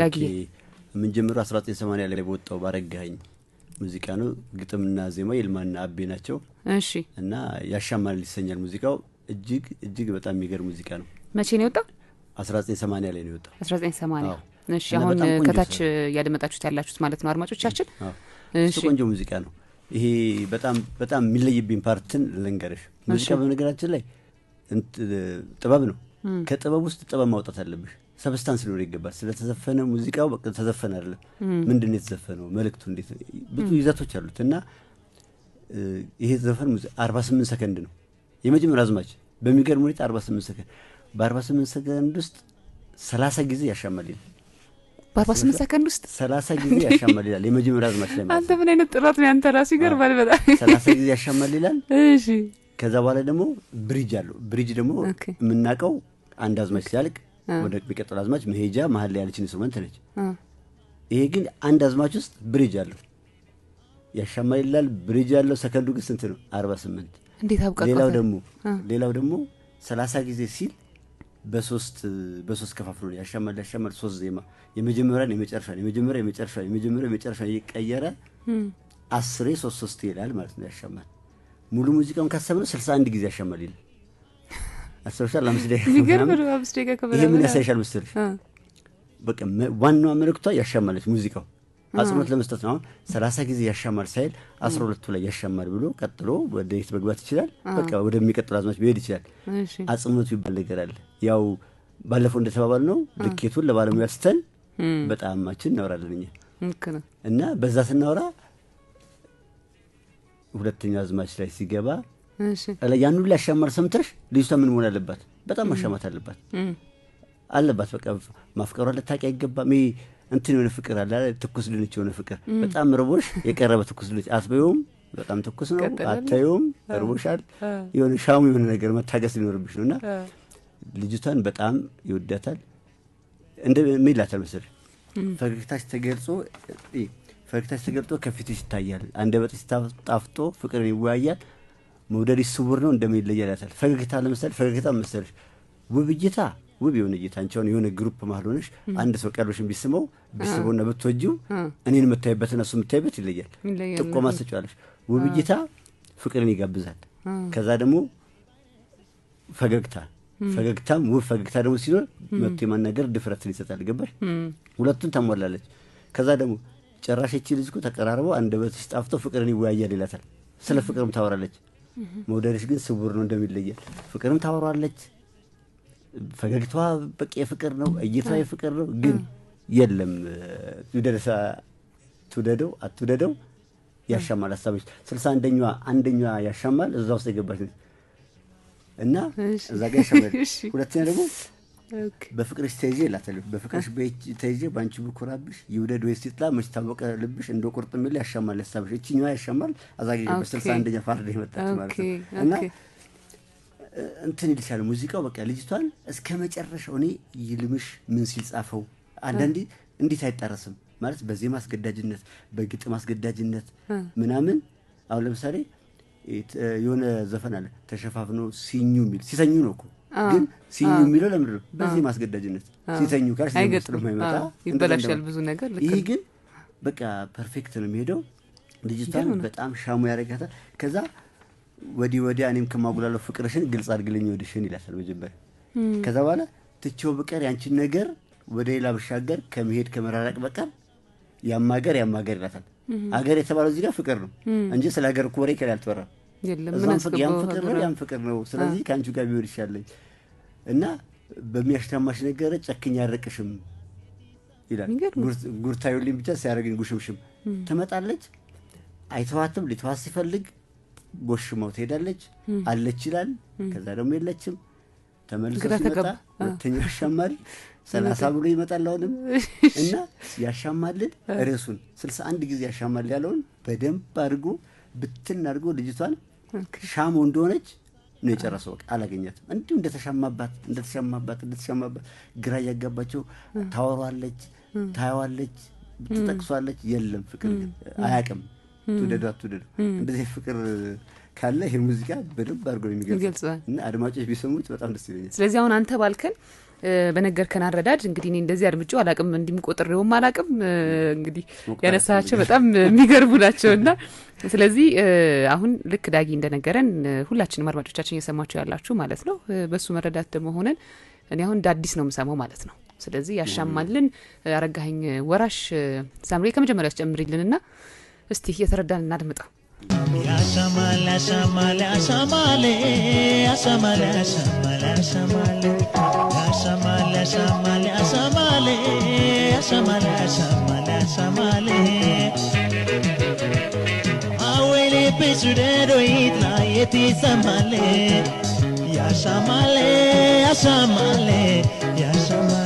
ዳግዬ የምንጀምረው 1980 ላይ በወጣው ባረጋኝ ሙዚቃ ነው። ግጥምና ዜማ የልማና አቤ ናቸው። እሺ እና ያሻማል ይሰኛል ሙዚቃው። እጅግ እጅግ በጣም የሚገርም ሙዚቃ ነው። መቼ ነው የወጣው? 1980 ላይ ነው የወጣው። 1980 እሺ። አሁን ከታች እያደመጣችሁት ያላችሁት ማለት ነው አድማጮቻችን። እሱ ቆንጆ ሙዚቃ ነው። ይሄ በጣም በጣም የሚለይብኝ ፓርትን ልንገርሽ። ሙዚቃ በነገራችን ላይ ጥበብ ነው። ከጥበብ ውስጥ ጥበብ ማውጣት አለብሽ። ሰብስታንስ ሊኖር ይገባል። ስለተዘፈነ ሙዚቃው በቃ ተዘፈነ አይደለም፣ ምንድን ነው የተዘፈነው? መልእክቱ እንዴት? ብዙ ይዘቶች አሉት እና ይሄ ዘፈን አርባ ስምንት ሰከንድ ነው የመጀመሪያ አዝማች። በሚገርም ሁኔታ አርባ ስምንት ሰከንድ በአርባ ስምንት ሰከንድ ውስጥ ሰላሳ ጊዜ ያሻማል ይላል። በአርባ ስምንት ሰከንድ ውስጥ ሰላሳ ጊዜ ያሻማል ይላል። የመጀመሪያ አዝማች ላይ አንተ ምን አይነት ጥራት ነው ያንተ ራሱ ይገርማል። በጣም ሰላሳ ጊዜ ያሻማል ይላል። እሺ ከዛ በኋላ ደግሞ ብሪጅ አለው። ብሪጅ ደግሞ የምናውቀው አንድ አዝማች ሲያልቅ ወደ የሚቀጥለው አዝማች መሄጃ መሀል ላይ ያለች ኢንስትሩመንት ነች። ይሄ ግን አንድ አዝማች ውስጥ ብሪጅ አለው፣ ያሻማ ይላል ብሪጅ አለው። ሰከንዱ ግን ስንት ነው? አርባ ስምንት ሌላው ደግሞ ሌላው ደግሞ ሰላሳ ጊዜ ሲል በሶስት በሶስት ከፋፍሎ ያሻማል ያሻማል። ሶስት ዜማ የመጀመሪያን የመጨረሻን የመጀመሪያ የመጨረሻ የመጀመሪያ የመጨረሻ እየቀየረ አስሬ ሶስት ሶስት ይላል ማለት ነው ያሻማል። ሙሉ ሙዚቃውን ካሰብነው ስልሳ አንድ ጊዜ ያሻማል ይላል አስታውሻል? አምስት ደቂቃ ይሄ ምን ያሳይሻል መሰለሽ። በቃ ዋናው መልእክቷ ያሻማለች ሙዚቃው አጽንኦት ለመስጠት ነው። አሁን ሰላሳ ጊዜ ያሻማል ሳይል አስራ ሁለቱ ላይ ያሻማል ብሎ ቀጥሎ ወደ የት መግባት ይችላል። በቃ ወደሚቀጥሉ አዝማች መሄድ ይችላል። አጽንኦቱ ይባል ነገር አለ። ያው ባለፈው እንደተባባል ነው ልኬቱን ለባለሙያ ስተን በጣማችን እናወራለን እኛ እና በዛ ስናወራ ሁለተኛው አዝማች ላይ ሲገባ ያን ሁሉ ያሻመር ሰምተሽ ልጅቷ ምን መሆን አለባት? በጣም ማሻማት አለባት አለባት በቃ ማፍቀሯ ልታቂ አይገባም። ይሄ እንትን የሆነ ፍቅር አለ ትኩስ ድንች የሆነ ፍቅር በጣም ርቦሽ የቀረበ ትኩስ ድንች አትበይውም። በጣም ትኩስ ነው አታዩም። ርቦሻል። የሆነ ሻሙ የሆነ ነገር መታገስ ሊኖርብሽ ነው እና ልጅቷን በጣም ይወዳታል። እንደ ምን ይላታል መሰለሽ ፈገግታሽ ተገልጾ ፈገግታሽ ተገልጾ ከፊትሽ ይታያል። አንደበትሽ ታፍጦ ፍቅርን ይወያያል። መውደድ ይስውር ነው እንደሚለያላታል ፈገግታ ለምሳሌ ፈገግታ መሰለሽ ውብ እይታ ውብ የሆነ እይታ አንቺውን የሆነ ግሩፕ መሀል ሆነሽ አንድ ሰው ቀርበሽን ቢስመው ቢስበውና ብትወጂው እኔን የምታይበትና እሱ የምታይበት ይለያል። ጥቆማ ስጫለሽ። ውብ እይታ ፍቅርን ይጋብዛል። ከዛ ደግሞ ፈገግታ ፈገግታም ውብ ፈገግታ ደግሞ ሲኖር መጥቶ የማናገር ድፍረትን ይሰጣል። ገባሽ? ሁለቱን ታሟላለች። ከዛ ደግሞ ጭራሽ ይቺ ልጅ እኮ ተቀራርበው አንደበትሽ ጣፍቶ ፍቅርን ይወያያል ይላታል። ስለ ፍቅርም ታወራለች። መውደድሽ ግን ስውር ነው እንደሚለያል። ፍቅርም ታወሯለች። ፈገግቷ በቂ የፍቅር ነው፣ እይቷ የፍቅር ነው። ግን የለም ደረሳ ትውደደው አትውደደው ያሻማል ሀሳቦች ስልሳ አንደኛዋ አንደኛ ያሻማል እዛ ውስጥ የገባች እና እዛ ጋ ያሻማል። ሁለተኛ ደግሞ በፍቅርሽ ተይዤ እላታለሁ። በፍቅርሽ ተይዤ በአንቺ ብኮራብሽ ይውደድ ወይ ይጥላ መች ታወቀ ልብሽ እንደ ቁርጥ የሚል ያሻማል ያሳብሽ እችኛ ያሻማል አዛጌ በስልሳ አንደኛ ፋርድ የመጣች ማለት ነው እና እንትን ይልሻል ሙዚቃው በቃ ልጅቷን እስከ መጨረሻው እኔ ይልምሽ ምን ሲል ጻፈው። አንዳንዴ እንዴት አይጠረስም ማለት በዜማ አስገዳጅነት፣ በግጥም አስገዳጅነት ምናምን አሁን ለምሳሌ የሆነ ዘፈን አለ ተሸፋፍኖ ሲኙ የሚል ሲሰኙ ነው እኮ ግን ሲኙ የሚለው ለምንድን በዚህ ማስገዳጅነት ሲተኙ ጋር ይበላሻል ብዙ ነገር። ይህ ግን በቃ ፐርፌክት ነው የሚሄደው። ዲጂታል በጣም ሻሙ ያደርጋታል። ከዛ ወዲ ወዲ እኔም ከማጉላለው ፍቅርሽን ግልጽ አድግልኝ ወድሽን ይላታል መጀመሪያ። ከዛ በኋላ ትቼው ብቀር ያንቺን ነገር ወደ ሌላ ብሻገር ከመሄድ ከመራራቅ በቀር ያማገር ያማገር ይላታል። አገር የተባለው እዚህ ጋር ፍቅር ነው እንጂ ስለ ሀገር ኮሬ ከላ ከላይ አልተወራም። እዛም ፍቅር ነው ያም ፍቅር ነው። ስለዚህ ከአንቺ ጋር ቢሆን ይሻለኝ እና በሚያሽታማሽ ነገር ጨክኝ ያረቅሽም ይላል። ጉርታዩልኝ ብቻ ሲያደርግኝ ጉሽምሽም ትመጣለች። አይተዋትም። ሊተዋት ሲፈልግ ጎሽመው ትሄዳለች። አለች ይላል። ከዛ ደግሞ የለችም። ተመልሶ ሲመጣ ሁለተኛው ያሻማል። ሰላሳ ብሎ ይመጣል አሁንም እና ያሻማልን ርዕሱን ስልሳ አንድ ጊዜ ያሻማል ያለውን በደንብ አድርጎ ብትን አድርጎ ልጅቷን ሻሞ እንደሆነች ነው የጨረሰው። በቃ አላገኛትም። እንዲሁ እንደተሻማባት እንደተሻማባት እንደተሻማባት ግራ እያጋባቸው ታወሯለች፣ ታየዋለች፣ ትጠቅሷለች። የለም ፍቅር ግን አያውቅም። ትውደዱ አትውደዱ። እንደዚህ ፍቅር ካለ ይህን ሙዚቃ በደንብ አድርጎ የሚገልጽ እና አድማጮች ቢሰሙት በጣም ደስ ይለኛል። ስለዚህ አሁን አንተ ባልከን በነገርከን አረዳድ እንግዲህ እኔ እንደዚህ አድምጬ አላቅም እንዲህም ቆጥሬውም አላቅም። እንግዲህ ያነሳቸው በጣም የሚገርቡ ናቸው እና ስለዚህ አሁን ልክ ዳጊ እንደነገረን ሁላችንም አድማጮቻችን እየሰማችሁ ያላችሁ ማለት ነው። በሱ መረዳት ደግሞ ሆነን እኔ አሁን እንደ አዲስ ነው የምሰማው ማለት ነው። ስለዚህ ያሻማልን አረጋኝ ወራሽ ሳምሬ ከመጀመሪያ ጨምሪልን ና እስቲ እየተረዳን እናድምጠው። ያሻማል ያሻማል ያሻማል ያሻማል ያሻማል ያሻማል asamale, asamale, asamale, asamale, asamale. Awele pesudero itla yeti samale, ya samale, ya samale, ya samale.